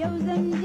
Yozen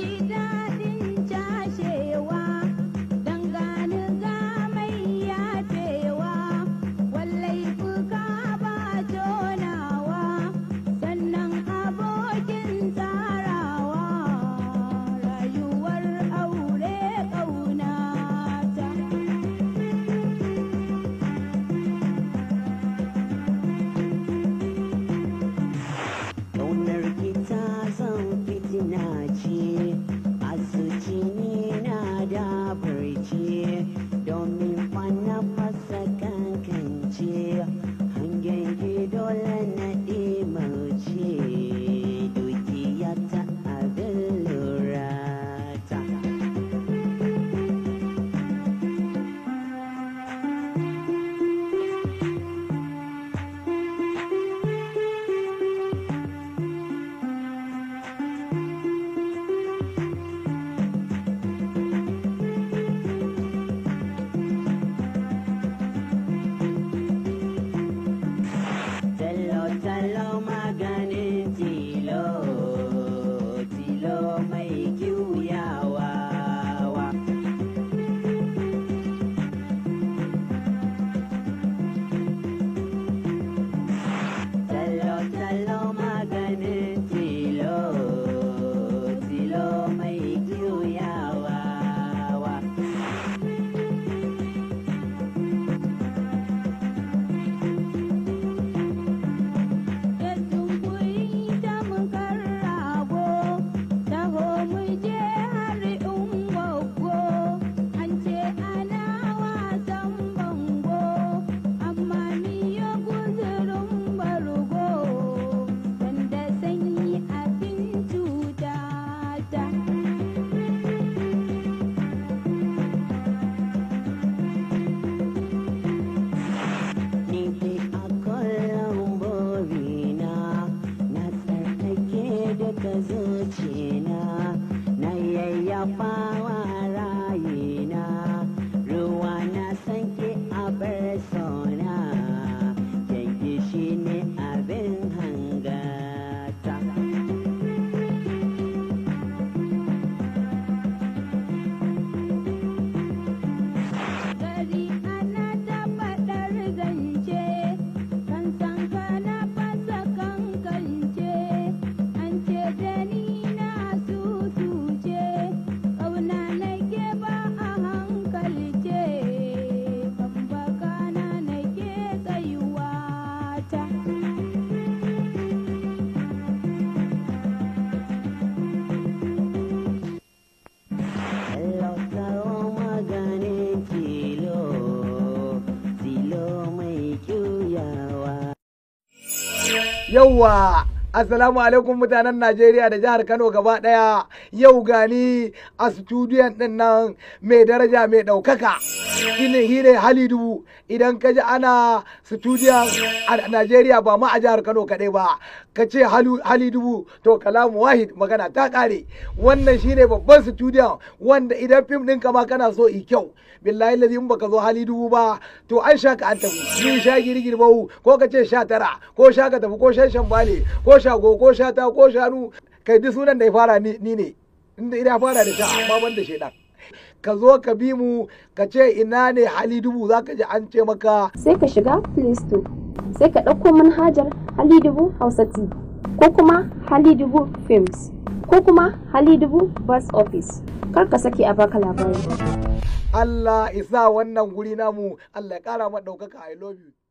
ga zuciya Yawwa, Assalamu alaikum mutanen Najeriya da jihar Kano gaba ɗaya. yau gani a studiyon din nan mai daraja mai ɗaukaka shine hire halidu idan ka ji ana studiyon a najeriya ba ma a jihar kano kaɗai ba ka ce halidu to kalamu wahid magana ta ƙare wannan shine babban studiyon wanda idan fim ɗin ka ma kana so i kyau billahi lazi in baka zo halidu ba to an sha ka an tafi ni sha girgir bau ko ka ce sha tara ko sha ka tafi ko shan shambale ko sha go ko sha ta ko shanu kai duk sunan da ya fara ni ne inda ina fara da sha amma ban da ka zo ka bi mu ka ce ina ne hali dubu za ka ji an ce maka sai ka shiga play store sai ka ɗauko manhajar hali dubu hausa t ko kuma hali dubu films ko kuma hali dubu bus office kar ka saki a baka labari Allah isa wannan guri namu Allah ya kara ma ɗaukaka I love you